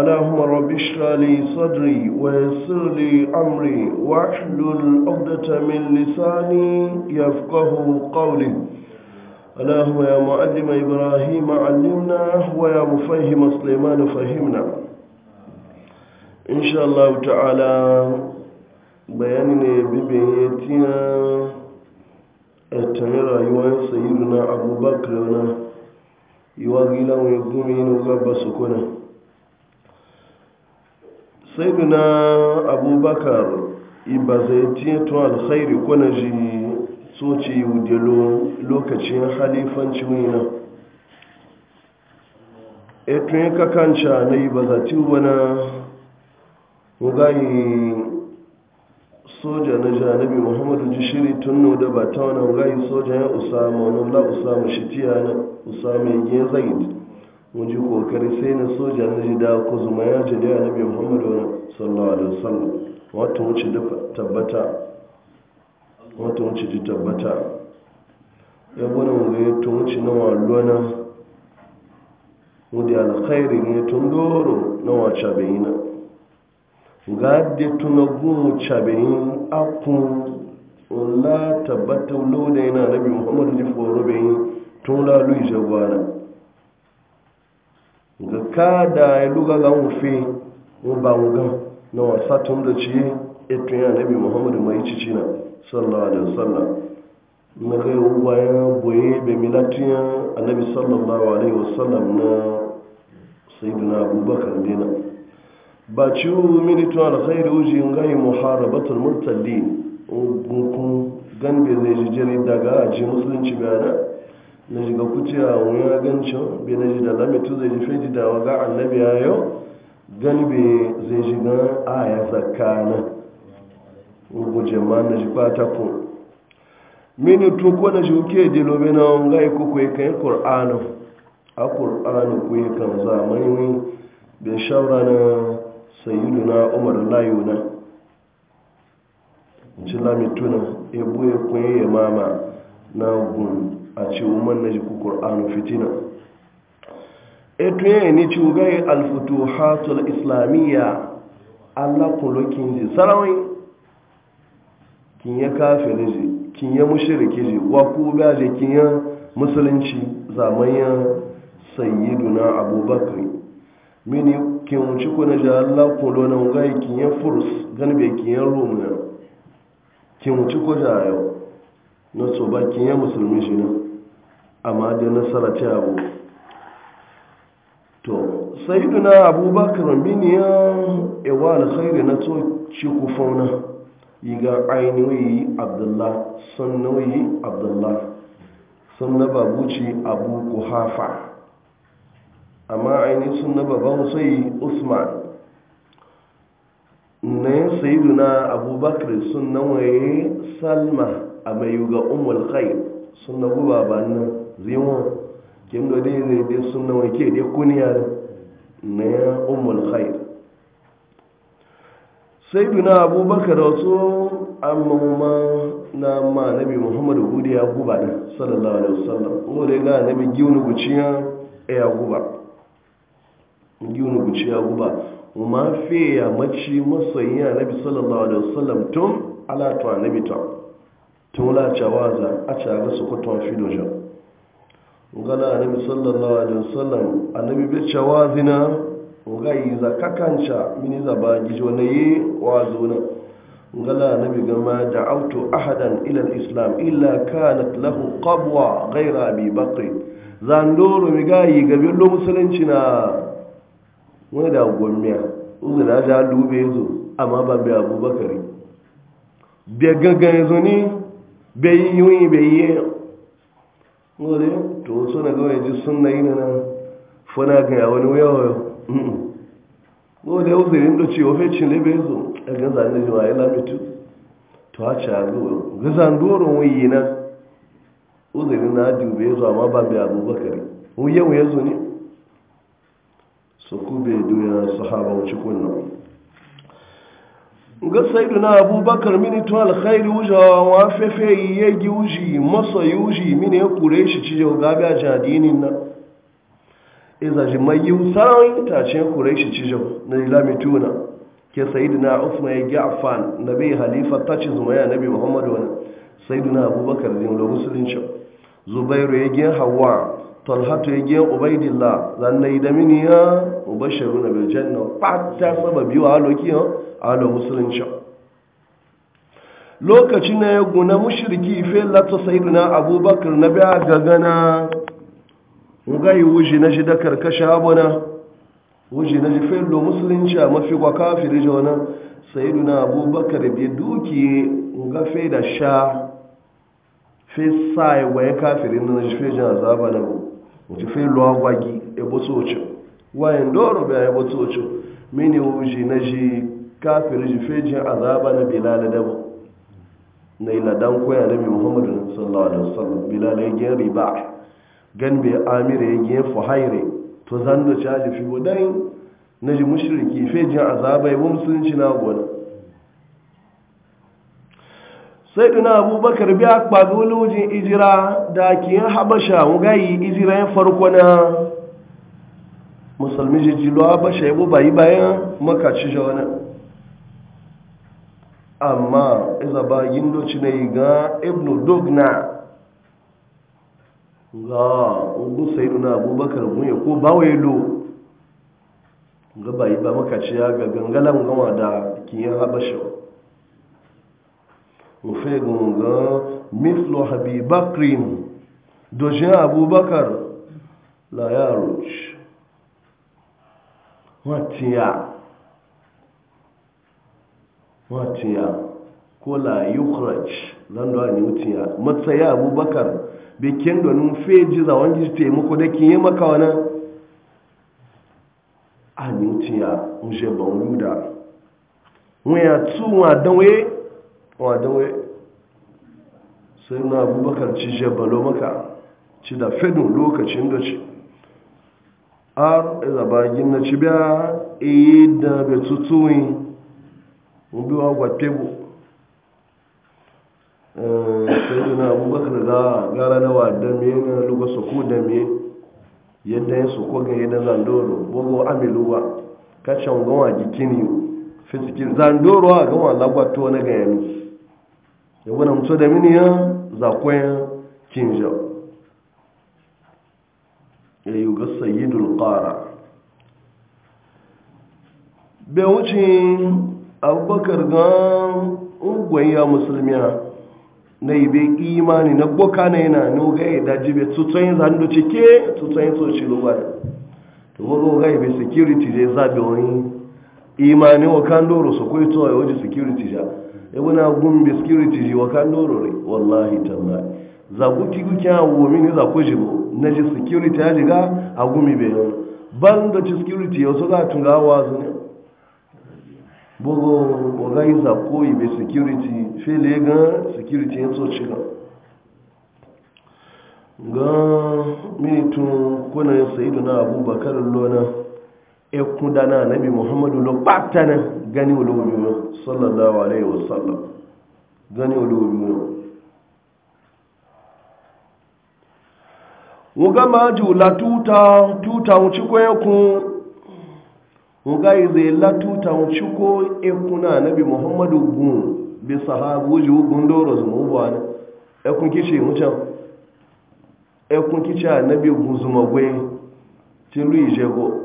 اللهم رب اشرح لي صدري ويسر لي امري واحلل عقدة من لساني يفقه قولي اللهم يا معلم ابراهيم علمنا ويا مفهم سليمان فهمنا ان شاء الله تعالى بياننا ببيتنا التمرة أيوة يوان سيدنا ابو بكر يواغي لهم يقومين وقبس كنا sai duna abubakar ibazaitin zai tiyeto alkhairi kuna ji soci wudelo lokacin halifanci wina eto yin kakanca na iba zati wana mugayi soja na janabi muhammadu jishiri tunno da ba ta wani mugayi soja ya usama wani la usama shitiya na usama yin zaid ji kokari sai na soja na ji da ko zuma ya ji da nabi muhammadu sallallahu alaihi wasallam wata wuce da tabbata wata wuce da tabbata ya gwana mu zai tun wuce na walwana wudi alkhairi ne tun doro na wace bayina ga da tuna gun cabayin akun wala tabbata lauda yana nabi muhammadu jifo rubin tun lalu ijagwana ga kada ya luga ga wufe ba wugan na wasa tun da ci etu ya nabi muhammadu mai cici na sallallahu alaihi wasallam na kai ya boye bai milatiya annabi sallallahu alaihi wasallam na na abubakar dina ba ci militu alkhairi uji ngai muharabatul murtadin gungun gan bai zai jijiri daga aji musulunci bayana na shiga kuce a wani agancin bai na ji da lamitu zai ji feji da waga annabi ya yau gani bai zai shiga a ya tsakanin guje ma na shi kwata ko mini tuko na shi kuke je lobe na wanga iko ko kan kur'anu a kur'anu ko kan zamani bai shawara na sayyiduna umar layuna ci lamituna ebo ya kunye mama na gun a ce umar na jiku ƙor'anu fitina eto yi ni ci gai alfutu hatul islamiyya allah kin ji sarawai kin ya kafin ji kin ya mushirki ji wa ku gaje kin ya musulunci zamanin sayyiduna abubakar mini kin wuce kuna ji allah na gai kin ya furs ganibe kin ya romina kin wuce kuna yau na tsoba kin ya musulmi shi nan amma da nasara ta abu to sayyiduna abubakar miniyan ewa alkhairi na to ci ku fauna yiga ainihi abdullah sannawi abdullah sanna babuci abu kuhafa amma ainihi sunna baban sai usman ne sayyiduna abubakar sunnawaye salma a mai yuga umul khair sunna guba ba nan ziwa kin da dai zai dai sunna wai ke dai kuniya na ya ummul khair sai duna abubakar wasu amma ma na ma nabi muhammad hudu ya guba da sallallahu alaihi wasallam ko dai ga nabi giwnu guciya ya guba giwnu guciya guba ma fe ya maci masoyiya nabi sallallahu alaihi wasallam tun ala to nabi ta tun la chawaza a ga su ko ton fidojan gana annabi sallallahu alaihi wasallam annabi bai cewa zina ga yi zakakanca mini ba gijo na yi wazo na gala annabi gama da auto ahadan ilal islam illa kanat lahu qabwa ghayra abi bakr doro mi ga yi gabe lo musulunci na wani da gomiya uzura da lube yanzu amma ba bai abubakari bai gangan zo ni bai yi yi bai yi ngole to so na ga ji sunna yi na fana gaya wani wayo ngole uzirin do ci ofe cin lebe zo a ga zan ji wa ila mitu to a cha go ga zan doro wi na uzirin na ji be zo amma ban be abubakar mu yau yazo ne so ku be su sahaba wuce kunna ga Saidu na abubakar mini tun alkhairi wuja wa fefe iye gi wuji maso yi wuji mini ya kure shi ci jau gabi a jadinin na iza ji mai yi wusarawun itace ya kure shi ci jau na ilami tuna ke Saidu na usman ya gi afan na bai halifa ta ci zuma ya nabi muhammadu wani Saidu na abubakar din da musulunci zubairu ya gi hawa talhatu ya gi ubaidillah zan na yi da mini ya ubashiru na biljanna ba ta saba biyu a alo musulunci lokaci na ya guna mushirki fe lati na abubakar na biya gagana ngai wuji na shi da karkashin abuna wuji na shi fe lo musulunci a mafi kwa kafiri jona na abubakar bi duki nga fe da sha fe sai ya kafiri na shi fe jan azaba na bu wuce fe lo agwagi ebo tsoci wayan doro biya ebo tsoci mini wuji na shi kafin jifejin azaba na bilal da ba na iladan koya nabi muhammadu sallallahu alaihi wasallam bilal ya gen riba gan bai amira ya gina fuhaire to zan da caji fi budai na ji mushriki fejin azaba ya musulunci na gona sai duna abubakar a kpaga lojin ijira da yin habasha wugayi ijira ya farko na musulmi jijilu habasha ya bu bayi bayan makaci shawanar amma izaba yin doci ne ga ibnu dogna ga ugu sai abubakar bunye ko bawai lo ga bayi ba makaciya ga gangalan gama da kiyan habasha rufe gunga mislo habibakrin dojin abubakar la yaro watiya watiya ko la yukhraj nan da ni wutiya matsaya abubakar be ken nun feji za wangi te muku da kin yema ka wana a ni wutiya unje ba wuluda waya tuwa danwe wa danwe sai na abubakar ci je balo maka ci da fedun lokacin da ci a zaba gina ci biya e da betutuwin ndu wa gwa tebo eh, sai na abubakar ga gara na wa damiye na lugo su ku damiye yadda ya su kogan yadda zandoro bogo amiluwa kacan gawa jikini fisikin zandoro a gawa lagwato na gayanu ya wani mutu da mini ya zakoyan kinja ya yi ga sayidul kara bai abubakar gan ugwaya musulmi na ibe imani na gboka na yana n'oge ya daji be tutsayin zando cike tutsayin soci lugbar to wago ga ibe security zai zabi wani imani wa doro su kwai to ya waje security ja ebuna gun be security ji wa doro re wallahi tallahi za ku ki ku kya wo mini za ku jibo na ji security ya jiga a gumi be ban da security ya so ga tunga wazu ne bugu za ko ibe security fele ga security yin so cika ga minitun kuna yin sa'idu na abubakar lona ekun dana nabi muhammadu lo patana gani olóòrùn sallallahu alaihi wasallam gani olóòrùn wọ́n gá máa jù látúta túta òun chíkọ́ ẹkùn ugai zai latu tamchuko na nabi muhammadu gun bi sahabu ji gun doro zumu bwana ekun kici mutan ekun nabi gun zuma gwe ti lu ijego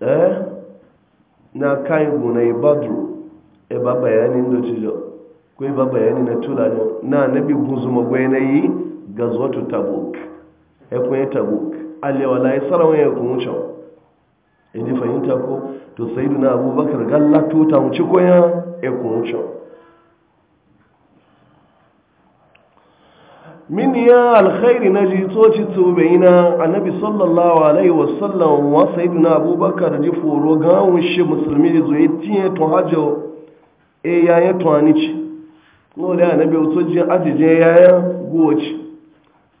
eh na kai guna na e ba bayani ndo tijo ko e ba bayani na tulani na nabi gun zuma gwe na yi gazwatu tabuk ekun tabuk alewala ya tsara ya kuma wuce ji fahimta ko to sai na abubakar galla tuta wuce koya ya kuma wuce min ya alkhairi na ji tsoci tsobe na annabi sallallahu alaihi wasallam wa duna abubakar ji foro gawon shi musulmi da zuwa tiye to hajjo e yayin to anici no da wato tsoci ajiye yayin goci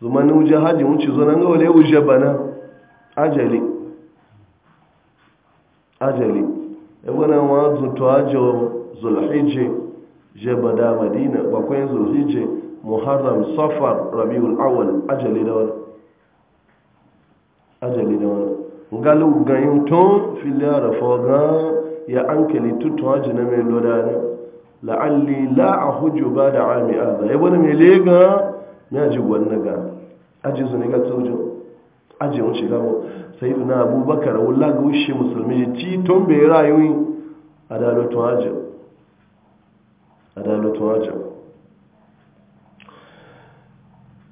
zuma ni wuje hajji wuce zo nan gawale wuje bana ajali ajali ebona wa zuto ajo zulhijji je bada madina bakwai zulhijji muharram safar rabiul awal ajali da wani ajali da wani galu gayin tun filiya rafa ga ya ankali tutu hajji na mai lodani la'alli la a ba da ami aza ebona mai lega ya ji wannan ga aji su ne ga sojo aji shiga gabo sai na abubakar wula ga wushe musulmi ci tun bai rayuwi adalatun a adalatun aji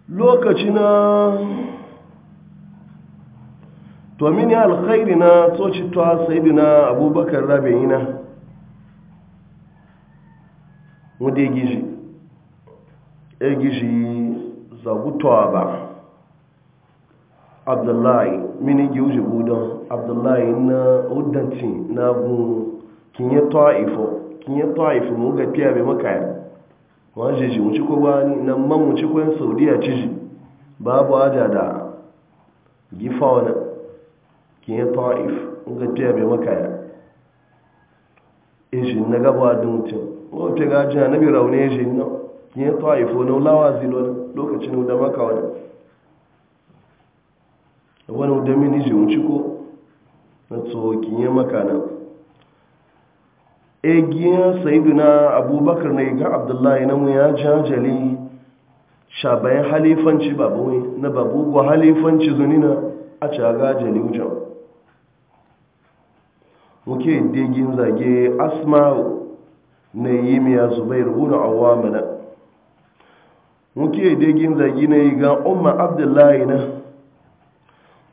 lokaci na to mini alkhairi na tsoci ta na abubakar rabeyina wadda ya gishi e gishi zagutowa ba abdullahi mini giwuji budon abdullahi na udanci na gun kinye ta'ifo kinye ta'ifo mu ga fiya bai makaya wọ́n ṣe ṣe mú ṣíkó wá ní na mọ́mú ṣíkó ń saudiya ṣíṣì babu aja da gifa wani kinye ta'if mu ga fiya bai ya ishi e na gaba adin mutum wọ́n fi gajina na bi raune ishi e na kinye ifo na lawa zilona lokacin da maka wani wani da miniji wuce ko na tsohokin ya maka na egiyar na abubakar na iga abdullahi na mu ya jajali shabayin halifanci babuwi na babu halifanci zunina a caga jali wujen muke digin zage asma na yi miya zubairu na awamina muke dai ginza gine ga umma abdullahi na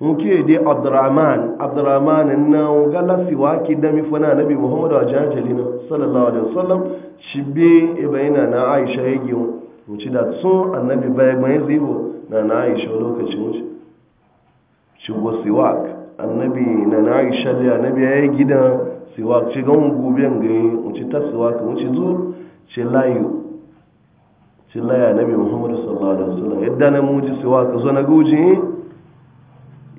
muke dai abdurrahman abdurrahman na ga lafiwa ki da mifuna anabi muhammadu a jajali na sallallahu alaihi wasallam shi be e bayina na aisha ya gi mu ci da sun annabi bai mai zibo na na aisha lokacin mu ci go siwak annabi na na aisha da annabi ya gida siwak ci ga mu gobe ga mu ci ta siwak mu ci zo ce layu sila ya nabi muhammadu sallallahu alaihi wasallam yadda na muji siwa ka zo na guji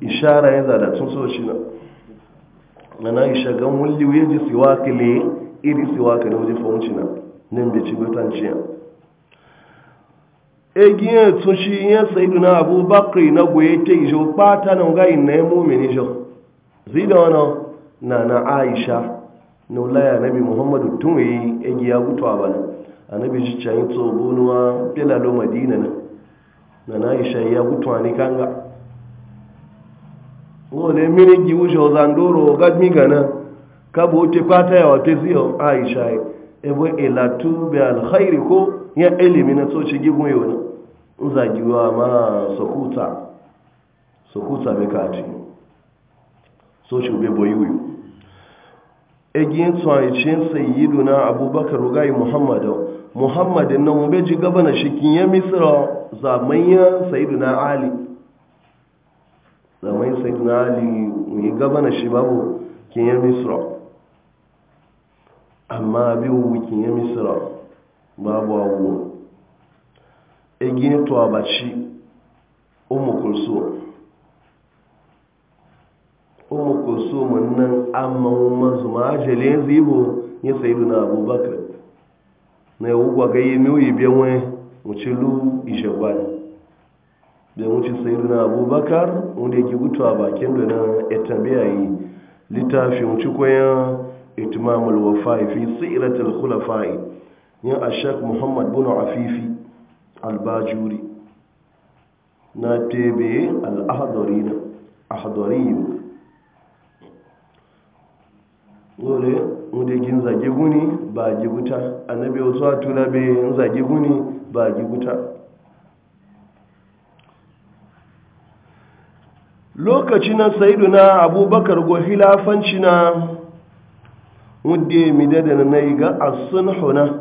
ishara ya zada tun so shi na na isha ga mulli wuya ji siwa ka le iri siwa ka na wuji fahimci na nan bai ci gutanciya egiye tun shi yin saidu na abu bakri na goye ta ijo kpata na ngayi na ya mumini jo zida wana na na aisha na wula ya nabi muhammadu tun yi egiya gutu a bana annabi shi can yi tsobonuwa belalo madina na na na isha ya gutuwa ni kanga ngole mini giwusha ozandoro gadmi gana kabo ute kwata ya wapezio aisha ebo elatu be alkhairi ko ya ilimi na so ci gigun yona uzagiwa ma sokuta sokuta be kati so ci be boyuyu egin tsoyi e cin iduna abubakar rugai muhammadu muhammad nan bai ji gaba na shikin ya misira zamanya sayiduna ali zamanya na ali yi gaba na shi babu kin ya misira amma biyu kin ya misira babu abuwa egin to abaci umu kulsum umu kulsum nan amma mazuma jale zibo ya sayiduna abubakar na yawu gwaga yi miwi biyanwe wuce lu ishe gwani da sayidu na abubakar wanda yake gutu a bakin da na etabiya yi littafin wuce ya itimamul wafai fi tsiratul khulafai yin ashak muhammad bin afifi albajuri na tebe al-ahdari na dole wadda gin zage guni ba giguta annabi wasu a tula bai zage guni ba giguta lokaci na saidu na abubakar go hilafanci na wadda da na yi ga asun huna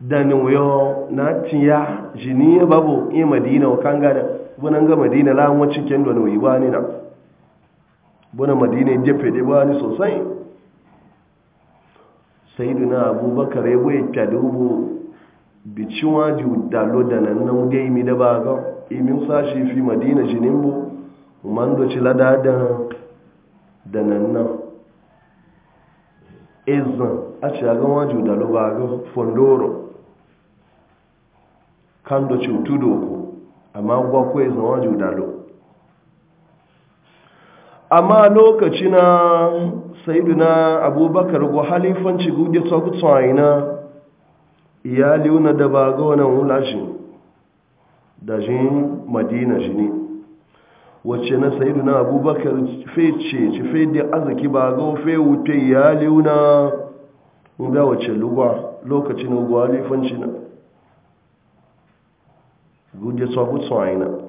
da nuyo na tiya jini ya babu iya madina wa kan gada bunan ga madina lamuwacin kendo na wani ba ni na bunan madina jefe da ba ni sosai sayiduna abubakar ya bai kyadubu bicin waji dalo da nan nan da imi da baga imin sashi fi madina jinin bu man do ci lada da nan nan ezan a ci a gan waji dalo baga fondoro kan do ci tudo amma gwa ko ezan waji dalo amma lokaci na na abubakar go halifanci gude tsogutsun aina iyali una da ba ga wani wulashi da shi madina shi ne wacce na na abubakar fece ci da arziki ba ga fe wute iyali una ga wacce lugwa lokaci na go halifanci na gude tsogutsun aina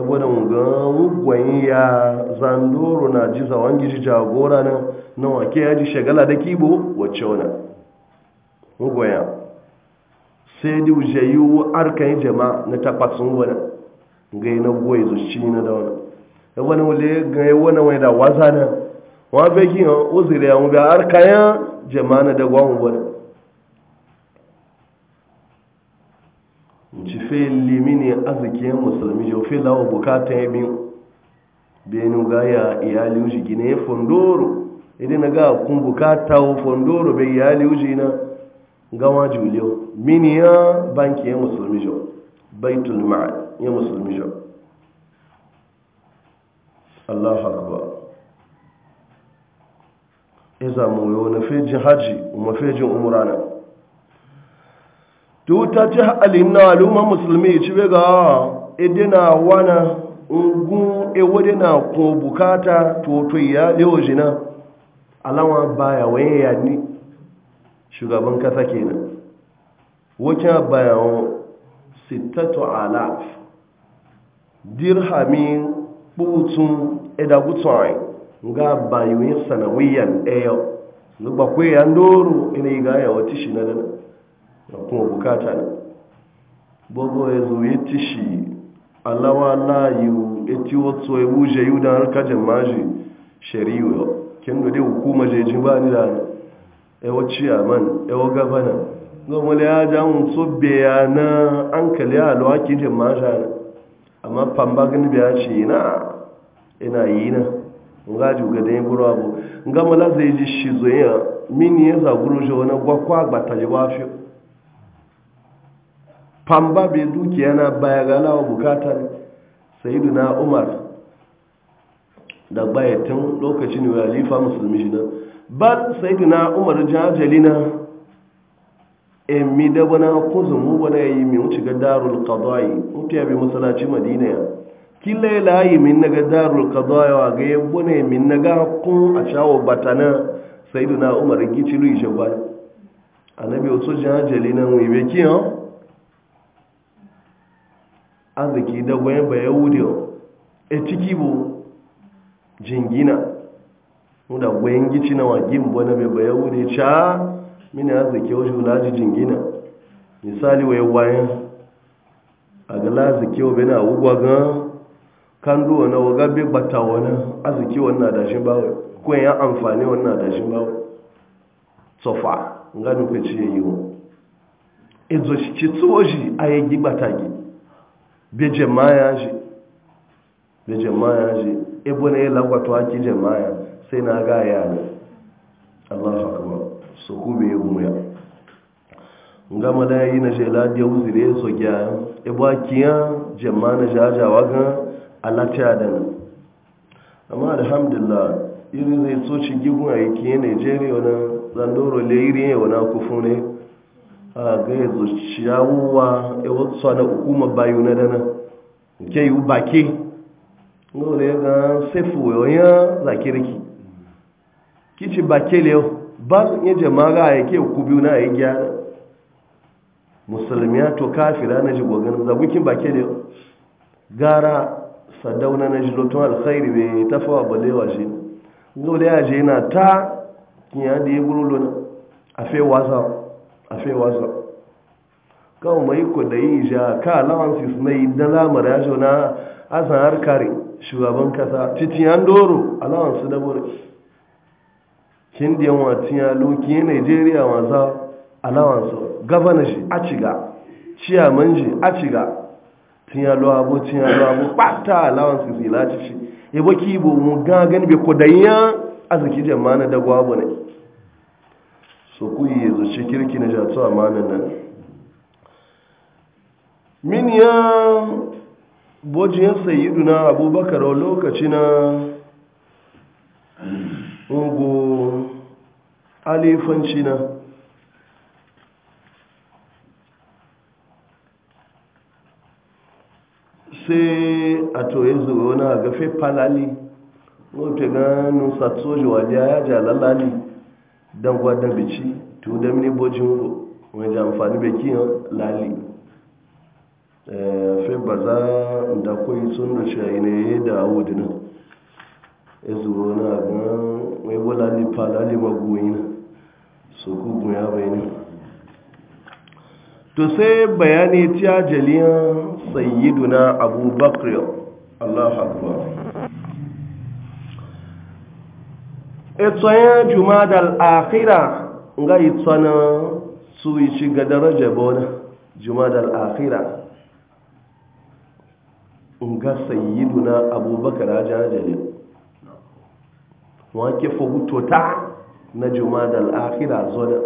wadda ga ya zandoro na ji zawon gishi jagora nan na wake ya ji shagala da kibo wacce wana ugwaya sai di wuce yi wa arkan jama na takwasin wana ga yi na goyi zuci na da wana wani wule ga yi wani wani da waza nan wani bai kiyan uzuri ya mu bi arkan jama na da gwamnati fe mini arziki musulmi jo fe lawa bukata ya biyu benin gaya iyali uji gine ya fondoro idan na ga kun bukata wa fondoro bai iyali uji na gawa juliyo mini ya banki ya musulmi jo baitul ma'a ya musulmi jo Allah akbar iza mu yo na fejin haji umma fejin umrana tuta ci alinna aluma musulmi ci be ga edina wana ngun ewedina kun bukata toto ya lewo jina alawa baya wani ya ni shugaban kasa kenan wace bayan sittatu alaf dirhamin butun edagutun ga bayoyin sanawiyan eyo ba ya ndoro ina yi gaya wata shi na dana kuma bukata gbogbo ya zo ya shi alawa layu eti wato ya wuje yi da harkajin maji shari'a kin gode hukuma jejin ba ni da ewa ciyaman ewa gabana gomale ya ja hun so bayana an kalli alwa kijin maji amma famba gani biya ce na ina yi na nga juga da yin buru abu nga mala zai ji shi zoye mini ya zaguru shi wani gwakwa gbataje ba fiye famba bai dukiyana na baya galawa bukatar sayidu na umar da bayatun lokacin walifa musulmi shi nan ba sayidu na umar jajali na emi da bana kuzin mu wani yayi min wuce ga darul qadai mutu ya bi masalaci madina ya kila ya layi min na ga darul qadai wa ga yabbo ne min na ga kun a shawo batana sayidu na umar gici lu ishe ba annabi wasu jajali na mu arziki da gwaye ba yahudiyo e ciki bu jingina da gwayen gici na wagin bu na ba yahudi e ca mini arziki wajen laji jingina misali waye wayan a ga laziki wa bena wugwa gan kan duwa na waga bai bata wani arziki wannan dashin bawai ko ya amfani wannan dashin bawai tsofa nga nufe ya yayi wa ezo shi ci tsoji a yi be jama'a shi be jama'a shi ebo ne lagwato aki jama'a sai na aga ya ne Allahu akbar so ku ya umu ya ngama ya yi na jela dia uzire so gya ebo ya jama'a na jajawa ga alatiya da amma alhamdulillah irin zai so ci gigun a yake Nigeria na zandoro le irin yau na kufu ne a ga ya zuciya wuwa ya wasu da hukuma bayu na dana ke yi bake nole ga sefu yoyin zakirki kici bake le ba ya jama'a ya ke ku biyu na ya gyara musulmiya to kafira na ji gwagan zagukin bake le gara sadauna na jilotun alkhairi bai tafawa balewa shi nole ya je na ta kiyan da ya guru lona a fe wasa a sai wasa kawo mai ku da yi ja ka allowances suna yi lamar ya shuna a har kare shugaban kasa titi an doro allowance da buri kin da yawa ya loki nigeria wasa allowance gabana shi a ciga ciya shi a ciga ya lo abu ya lo abu pata allowances ilaci shi baki bu mu gagan be kodayan azaki jama'a na dagwa ne. zuci kirki na jatu a nan min ya bojiyar na abubakar a lokaci na ugu alifanci na sai a toye zuwa wani a gafe falali wata ganin satsoji ya lalali don gwadon bici tu da mini bojin go wani ji amfani bai kiyan lali eh, fi ba za da koyi sun da shayi ne da awu dinan ya e zuro na gan wai wala ni fa lali magoyi na so ku goya bai ne to sai bayani ta jaliyan sayyiduna abubakar allah akbar ito e yin jumadal akhira nga yi tsana su yi ci ga daraja bona jumadar al'akhira? nga na abubakar ajajalin wake tota na jumadar zo da.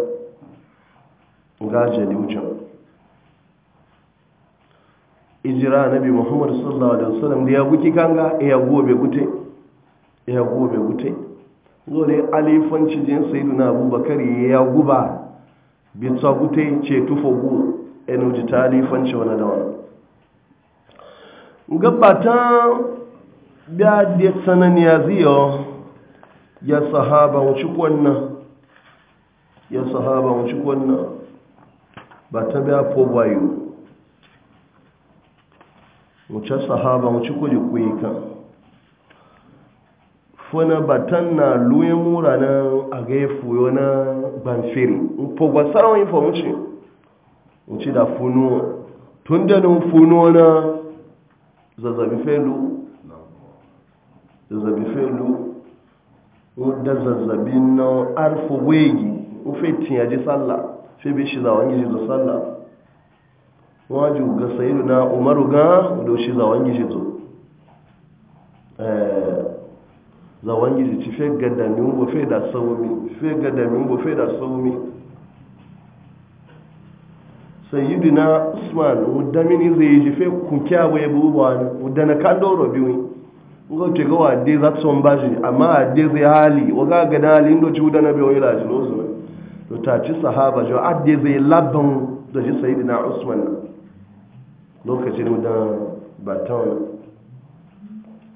nga wujan ijira nabi muhammadu sallallahu alaihi wasallam da ya guki kanga ya gobe gute ya gobe gute ne alifanci jin sayyiduna abubakar ya guba bitsa tsagute ce tufa gu enuji ta alifanci wani da wani gabata biya da sananiya ziyo ya sahaba wuci kwanna ya sahaba wuci kwanna ba ta biya po bayo wuce sahaba wuci kwaje kan fona batan na luye mura na a ga fuyo na banfiri fogwa sarawin famuci wuce da funuwa tun da nun funuwa na zazzabi felu zazzabi felu da zazzabi na arfa wegi ufetin ya ji febe shiza bi shi zawon gizi da sallah waju na umaru ga da shi zawon gizi zo eh, za wangiji ci fe min bo fe da sawmi fe min bo fe da sawmi sayyidina usman udamini zai ji fe kukya waye bubuwa udana kandoro biyu ngo te go de za tsombaji amma de zai hali wa ga hali ndo ci udana biyu ila ji lozo to ta ci sahaba jo adde zai labban da ji sayyidina usman lokacin da baton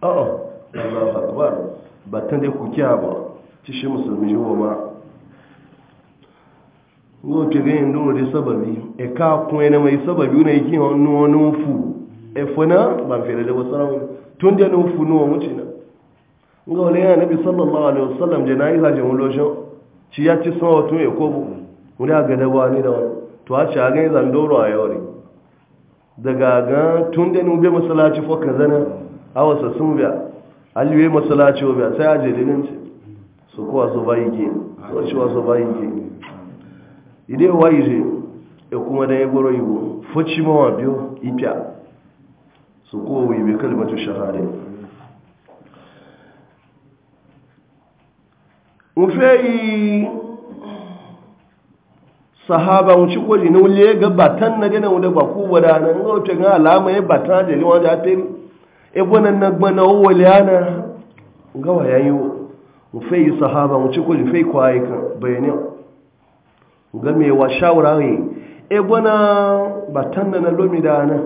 a'a oh, Allahu akbar batan dai ku kiya ba ci shi musulmi shi ma zuwa ke ganyen nuna da sababi e ka kuma yana mai sababi e na yake nuwa nufu e fana ba fere da wasu rawun tun da nufu nuwa wuce na ga wale yana nabi sallallahu alaihi wasallam da na yi hajjin wuloshin ci ya ci sama tun ya kobo wani ga da wani da wani to a ci a ganyen zandoro a yawari daga ga tun da nube masalaci fokan zana a wasa sun biya aliwe masalaci wa sai aje dinin su kuwa su bayi ke su ci su bayi ke ide wayi je ya kuma da ya goro yiwu fuci mawa biyu ipya su kuwa wibe kalmatu shahada nufe yi sahaba wuce kwari na wule ga batan na gina wule ba ku wadana ga wuce ga alama ya batan da wanda ya afiri ebonan na gbana wale liana gawa ya yi mu fayi sahaba mu ci ji fayi kwaye kan bayanin ga me wa shawarari ebona batan na lomi da ana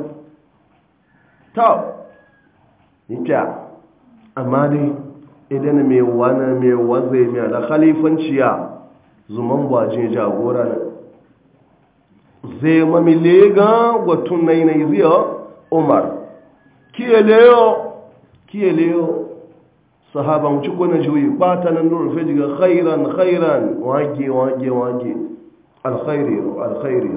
ta nita amma dai idan me wana me wazai me da khalifanciya zuman gwajin jagora na zai mamile lega gwatun nai nai na umar kiyeleyo kiyeleyo sahaba mu ciko na juyi bata nan nuru fe diga khairan khairan wage wage wage alkhairi alkhairi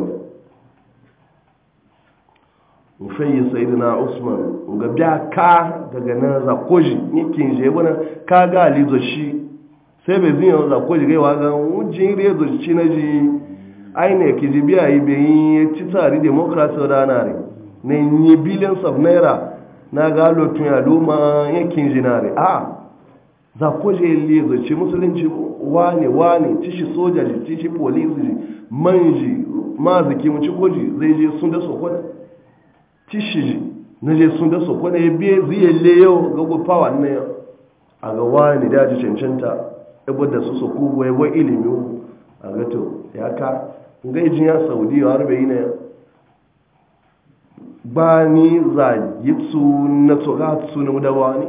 mu fe yi sayyidina usman ga biya ka daga nan za koji ni kinje bana ka ga alizo shi sai bai zin za koji ga wa ga wujin rezo shi na ji aine ki ji biya yi bai yi ci tsari democracy da na yi ne billions naira na ga lotun ya luma yankin jinare a za ko je lizu ce musulunci wane wane ci shi soja ji ci shi polisi ji man ji ma zaki mu ci koji zai je sun da sokona ci shi ji na je sun da sokona ya biye zai le yau ga go na ne a ga wani da ji cancanta ibo da su soku wai wai ilimi a ga to ya ka ga jin ya saudi ya harbe ba ni zagitsu na tsoratsu na mudawa ne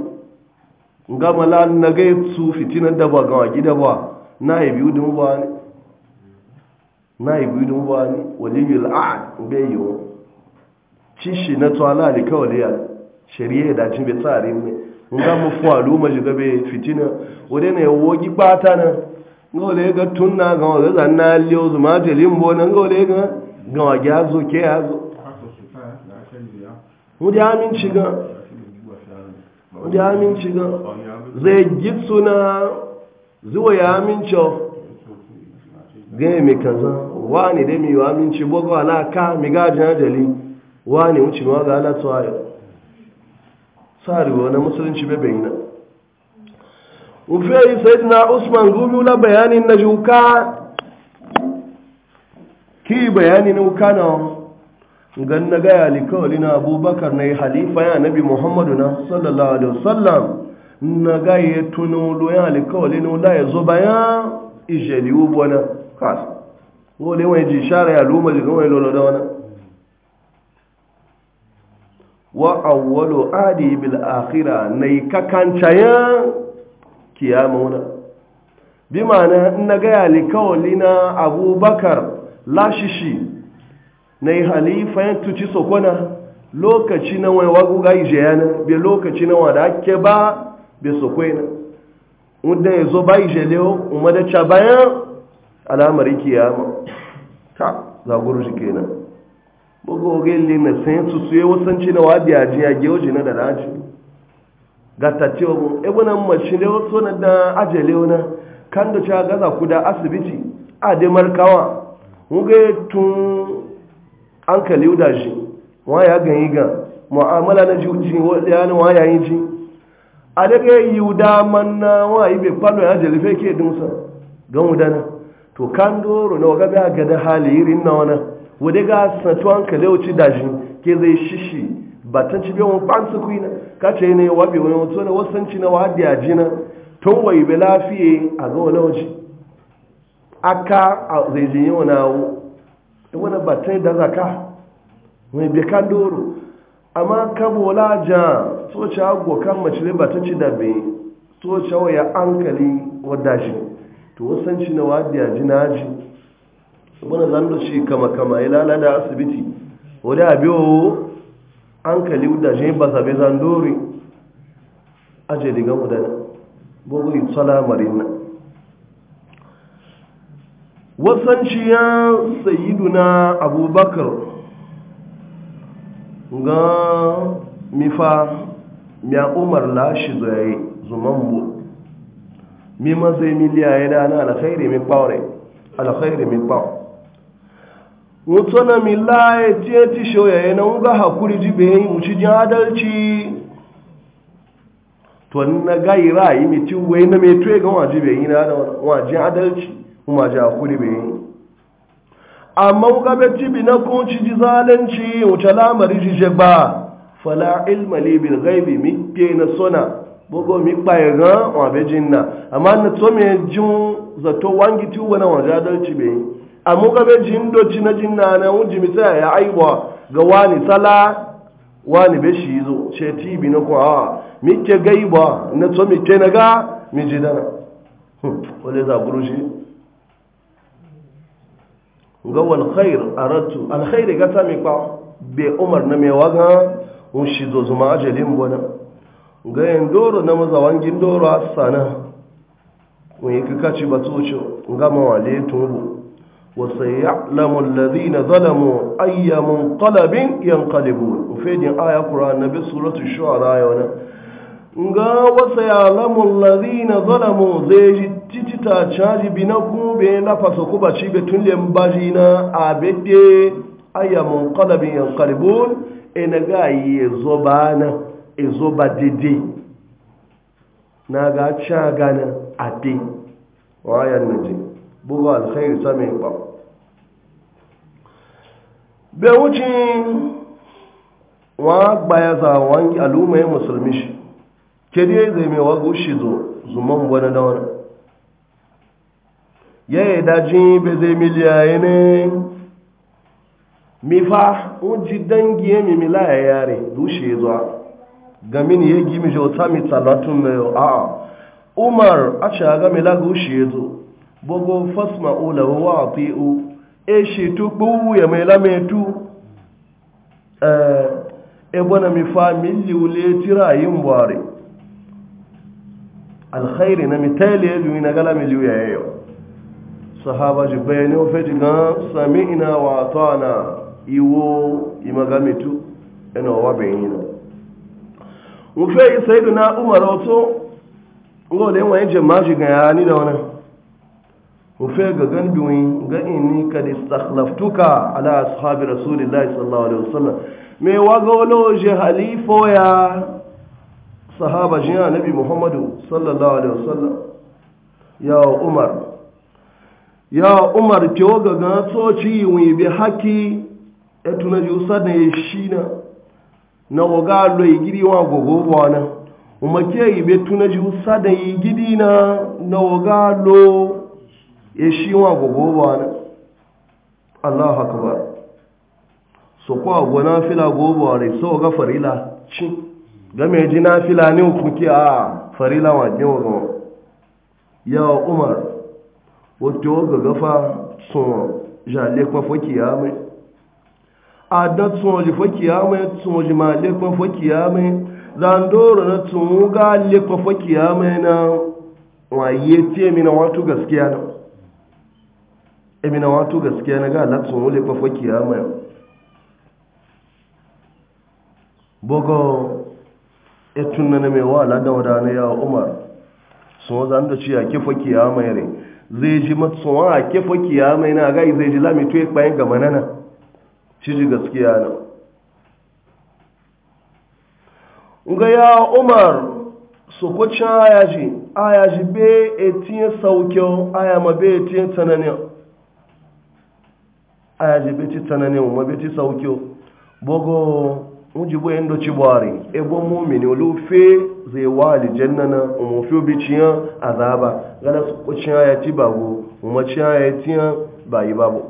gama la na ga gaitsu fitinan da ba gawa gida ba na yi biyu da ba ne na yi biyu da ba ne wajen yi la'ad bai yi wa cishi na tsoala da kawai ya shari'a da cin bai tsari ne gama fuwalu ma shiga bai fitina wadda na yawo gi bata na gawale ga tunna gawa zanna liyo zuma ta limbo na gawale ga ya zo, ke zo. wudi aminci ga wudi aminci ga zai gitsu na zuwa ya aminci gaya mai kaza wani dai mai aminci bugu alaka mai gajin ajali wani wuce ma ga alatuwa yau sarewa na musulunci bebe na ufe yi na usman gubi na bayanin na juka ki bayani na wuka na gan na gaya likawali na abubakar na yi halifa ya nabi muhammadu na sallallahu alaihi wasallam na gaya tuno loyan alikawali na wula ya zo bayan ijeli ubuwa na kas wole wani ji shara ya luma jikin wani lolo da wani wa awwalu adi bil akhira na yi ya kiyama wani bi ma'ana na gaya likawali na abubakar lashishi na yi halifa ya tuci sokona lokaci na wani wagu ga yi jayana bai lokaci na wada ake ba bai sokwena wadda ya zo ba yi kuma da ca bayan alamar al'amari kiyama ta zaguru shi kenan bugu ogele na sayan su suye wasanci na wadi a jiya oji na da daji wa cewa ebe na mace ne wasu na da ajele na kan da cewa gaza ku da asibiti a dai markawa muga tun an kaliu da shi wa ya ganyi ga mu'amala na juji yana wa ya yi ji a daga yi da manna wa yi bai kwano ya jalife ke dumsa don wudana to kan doro na waga bai ga da hali irin na wana wadai ga satu an kaliu ci da shi ke zai shishi batan ci bai wani kwanci kuina ka ce ne wabe wani wato na wasanci na wadi a na tun wai bai lafiye a ga wani waje aka a zai jinyi wani awo wani batai da zaka mai bekan doro amma kabola ja soce agwo kan macile ba ta ci da bai soce waya ankali wadda shi to wasan ci na wadiya ji na ji wani zando shi kama kama ya da asibiti wadda abiyo ankali wadda shi ba sabi zandori ajiyar digan wadda bugu yi tsala marin na wasanciyar sayiduna abubakar ga mifa miya umar lashi zoye zumanmu mi mazai miliya ya dana alkhairi mi kpaure alkhairi mi kpaure wutona mi laye tiye ti shoya ya na nga hakuri ji be yi uci jin adalci to na gaira yi mi ti wai na me tuye ga wajibe yi na wajin adalci kuma ja kuri yi. amma kuka bai tibi na ci ji zalunci wuce lamari je ba fala ilma li bil ghaibi mi ke na sona bogo mi kpaye ran wa be jinna amma na to me jun zato wangi ti wona wa ja dalci be amma kuka bai jin do ci na jin na wuji mi sai ya aiwa ga wani sala wani be shi zo ce tibi na ko hawa. mi ke gaiba na to mi ke na ga mi jidana hm, wale za gurushi ngawal khair aratu al khair gata mi kwa be umar na me waga un shi zo zuma ajalin bona ga yan doro na mazawangin doro asana mun yi kakaci ba tsoci ga mawale wa sayalamu alladhina zalamu أي منقلب yanqalibun وفي aya qur'an nabi نبي shuara ayona nga wasa ya lamun lazina zalamu zai ji cicita caji bi na kube na fasa kuba ci betun lembaji na abede ayyamun kalabin yan kalibun e na ga yi ezoba na ezo ba dede na ga ca gana ate wayan na ji bugu alkhairu sami ba bai wa gbaya zawon al'ummai musulmi shi kedi ya zai mai wago shi zo zuman wani da wani ya yi daji bai zai miliya ne mifa ji dangi ya mi mila ya zo dushe zuwa gamin ya gimi jauta mi talatun na yau a umar a ce ga mila gushe ya zo bugu fasma ula wa a fi'u e shi tukpu ya mai lametu ebe eh, na mifa miliyu le tira yin buhari alkhairi na mitali ya biyu na gala miliyu ya yayo sahaba ji bayani wa fedi ga sami ina wa tana iwo imaga mitu ina wa bayani na ufe saidu na umar oto ngo le wa je maji ga yani da wannan ufe ga gan biyu ga inni kad istakhlaftuka ala ashabi rasulillahi sallallahu alaihi wasallam me wa ga wolo je halifo ya sahaba ya nabi muhammadu sallallahu alaihi wasallam ya umar ya umar kyo gaga tsoci wi bi haki ji na da ya shi na waga lo igiri wa gogo wana uma ke ibe tuna da sadne igiri na na waga ya eshi wa gogo wana allahu akbar so kwa gona fila gobo are so ga farila cin game ji na filani kuke a ah, farila wajen wa yawa umar wato ga gafa sun jale kwa foki ya mai a da sun ji foki ya mai tun ji ma le kwa foki ya mai zandoro na tun ga le kwa foki ya mai na waye ce mi na wato gaskiya na emi na wato gaskiya na ga latsun wule kwa foki ya mai bogo e tunna na mai wa da wadana ya umar sun zan da ciya kifa kiyama yare zai ji matsuwa a kifa kiyama yana a zai ji lami tuye bayan ga manana ci ji gaskiya na ga ya umar su kucin ayaji ayaji be etiye saukyau ayama be etiye tsananin ayaji be ci tsananin ma be ci saukyau mujibu yin da ci buhari ebo mumini olufe zai wa jannana na umufi obiciyan azaba gana su kucin ya ti babu umacin ya ti bayi babu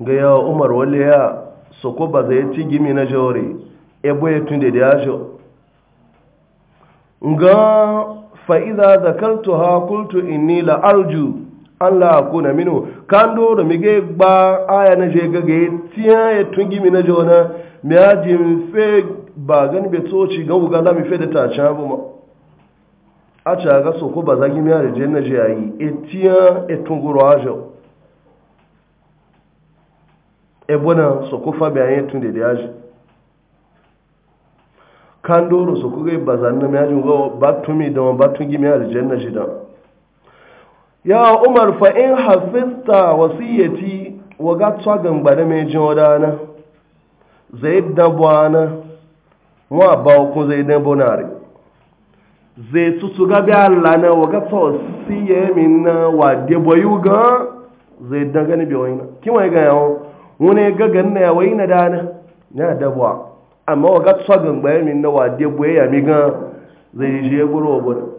ga yawa umar wale ya soko ba zai ti gimi na jawari ebo ya tun da ya jo Nga fa'iza zakartu ha kultu inni la arju Allah na minu kando da mige gba aya na je gaga tiya ya e tungi mi na jona mi aji mi fe ba gani be ci ga uga da mi fe da ta cha bu ma a cha ga so ko ba za gi mi ari je na je ayi etiya etunguru ajo e, e, e bona so ko fa be ayi tun de kan kando ro so ko ba za na mi aji go batumi da batun gi mi ari je na je da ya umar fa in hafizta wasiyati wa gatsa gambare mai jin wadana zai dabwana wa ba ku zai dabonare zai tutu gabi Allah na wa gatsa wasiye min na wa deboyu ga zai dangane bi wayna kima ga yawo wani ga ganna ya wayna dana na dabwa amma wa gatsa gambare min na wa deboye ya mi ga zai je guro guro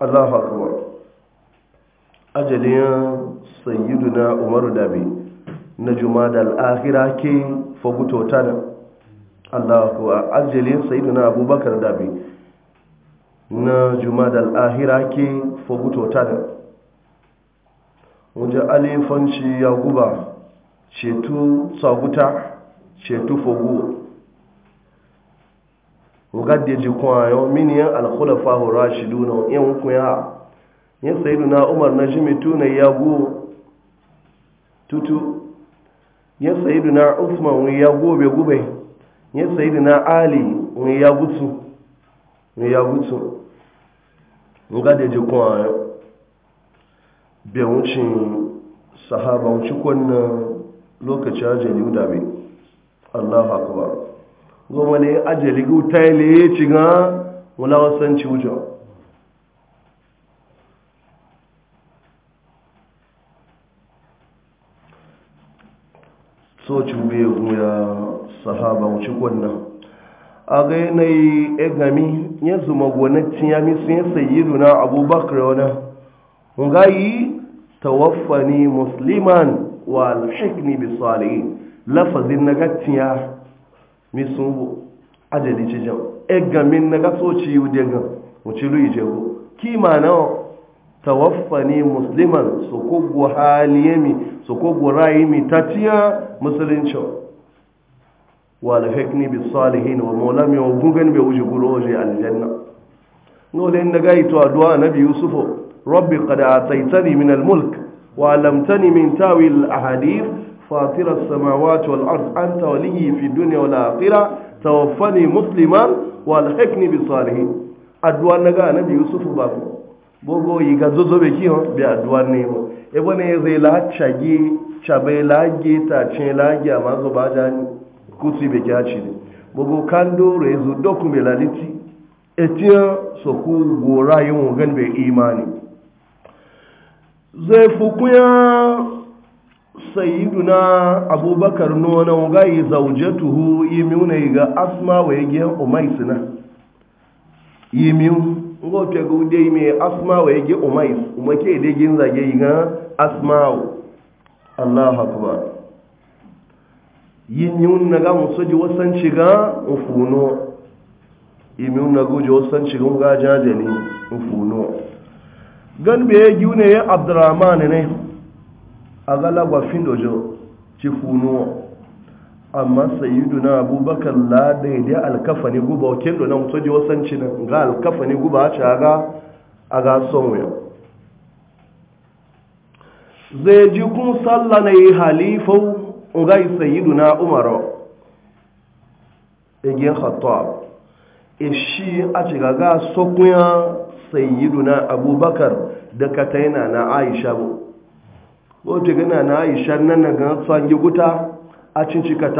Allahu akbar ajalin na umaru dabe na da al'ahira ke fagutota da allahu a ajalin na abubakar dabe na da al'ahira ke fagutota da wajen alifanci ya guba ceto tsaguta ceto fagu wadda jikon yau miniyan alkhulafa horashi duna hukun kuya ya sayidu umar na jimi tunai ya go tutu ya sayidu na usman wani ya gobe gube ya sayidu na ali wani ya gutu wani ya gutu nga da jikun kuma eh, biyancin wucin sahaba wuci lokaci ajali da bai allahu akbar goma ne ajali gutaile ci ga wula wasan ci soci bai ya sahaba wuce kwanan a ga yanayi egami ya zuma gwanatin ya misu ya sayi na abubakar wani ngayi tawaffani musliman wa alhikni bi salihin lafazin na ya misu adalice jau egamin na gasoci yi wudegan wuce luyi jego kima nawa tawaffani musliman su kogo haliyemi su kogo rayimi ta tiya musulunci wa alhaikni bi salihin wa maulami wa gungan bai wuce kuro waje aljanna nole inda gayi ito addu'a nabi yusufu rabbi qad ataitani min almulk wa alamtani min tawil ahadith fi السماوات wal أنت tawaffani musliman wa والآخرة bi مسلما والحقني بالصالحين أدوان نجا نبي يوسف ba. bogo yi ga zozo be kiyo bi aduwa ne mo e bone zai la chagi chabe la gi ta chen la gi ama zo ba ja kusi be kya chi gbogbo kando re zo doku be la liti etia so ku gora yi mo gan be imani zai fukuya sayyiduna abubakar no na ga yi zaujatuhu yi miuna yi ga asma wa yi ge umaisina yi miuna ngo te go de me asma wa yage umais umake de gin zage ga asma Allahu akbar yin yun na ga musu ji wasan shiga ufuno imi yun na go ji wasan shiga ga jaje jajali ufuno gan be yune ya abdurrahman ne agala wa findo jo ci funo amma na abubakar ladai da alkafa ne guba wakil da na mutu ji wasanci na ga alkafa ne guba a cara a gason wuyan. zai ji kun salla na yi halifau ugai na umaru igiyar khattab ishi e a cika ga sokunya na abubakar da kataina na aisha bu wata gina na aisha nan na gan tsangi guta a cincika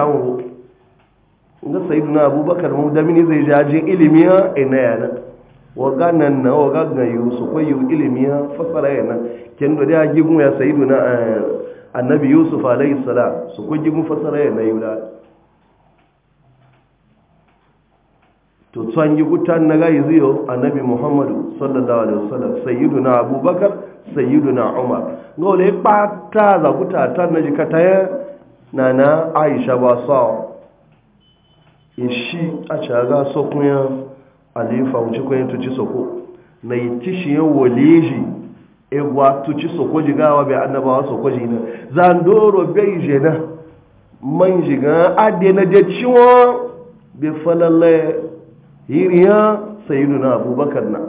inda ga na abubakar mu da mini zai jaje ilimi ya ina yana wa ganan na wa gagan yusuf ko yu ilimi fasara yana kin da ya gigun ya na eh, annabi yusuf alayhi salam su ko gigun fasara yana yula to tsan yi gutan na gayi ziyo annabi muhammadu sallallahu alaihi wasallam sayyiduna abubakar sayyiduna umar ga wale pata za guta ta na jikata nana aisha ba sa ishi a caga sokunya alifa wuce kwanin tuci soko na yi tishiye waleji egwa tuci soko jigawa bai annabawa soko jina zandoro bai jena man jiga ade na je ciwon bai falalle yiriya sayinu na abubakar na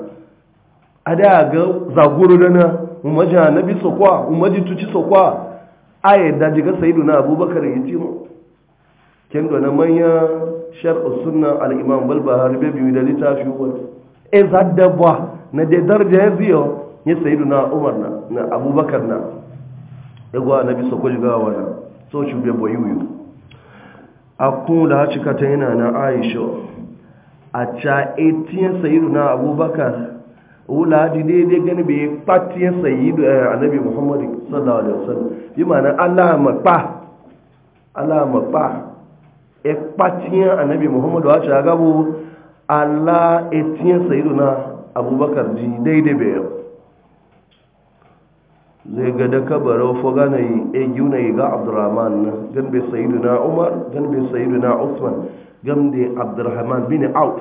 a da ga zaguru da na umarji annabi sokwa umarji tuci sokwa aya da jiga sayidu na abubakar ya ce mu ken na manya shar'u sunna al-imam balbahar be biyu da littafi wani e eh, zadda ba na da darja ya ziyo ya sayidu na umar na na abubakar na igwa na bisa kujiga wani na so shi be boyi wuyu a kun da hacikata yana na aisha a ca 18 sayidu na abubakar wula ji daidai gani bai kwati ya sayi da eh, annabi muhammad sallallahu alaihi wasallam bi ma'ana allah makpa allah makpa e kwati ya annabi muhammad wa ta gabo allah e tiya sayi na abubakar ji daidai bai zai ga da kabarau foga na yi e yuna yi ga abdurrahman na gan bai sayi na umar gan bai sayi na usman gan bai abdurrahman bin auf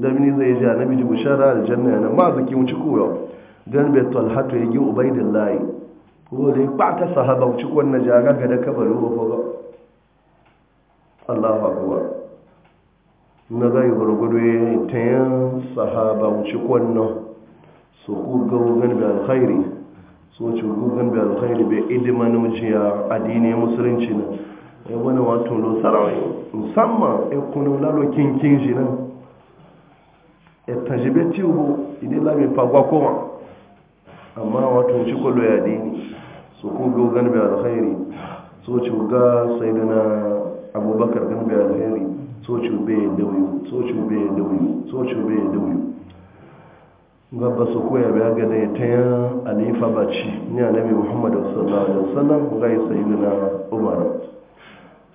dabini zai ji na ji bishara da janna yana ma zaki wuce koyo don bai talhatu ya gi ubaidin layi dai ba ta sahaba wuce kwanna jaga ga da kabarin ko ba allahu haguwa na zai gwargwado ya yi ta yin sahaba wuce kwanna su ku gan da alkhairi so ga gan da alkhairi bai ilimin muciya addini musulunci na ya wani wato lo sarawai musamman ya kunu lalokin kinkin nan tajibe tiwo idan lami fagwa kowa amma wato shi kwallo ya dini su ku go ganbe alkhairi so ci ga sai dana abubakar ganbe alkhairi so ci be dawiyu so ci be dawiyu so ci be dawiyu gaba su koya bai ga da ta yan alifa baci ni annabi muhammad sallallahu alaihi wasallam ga sai umar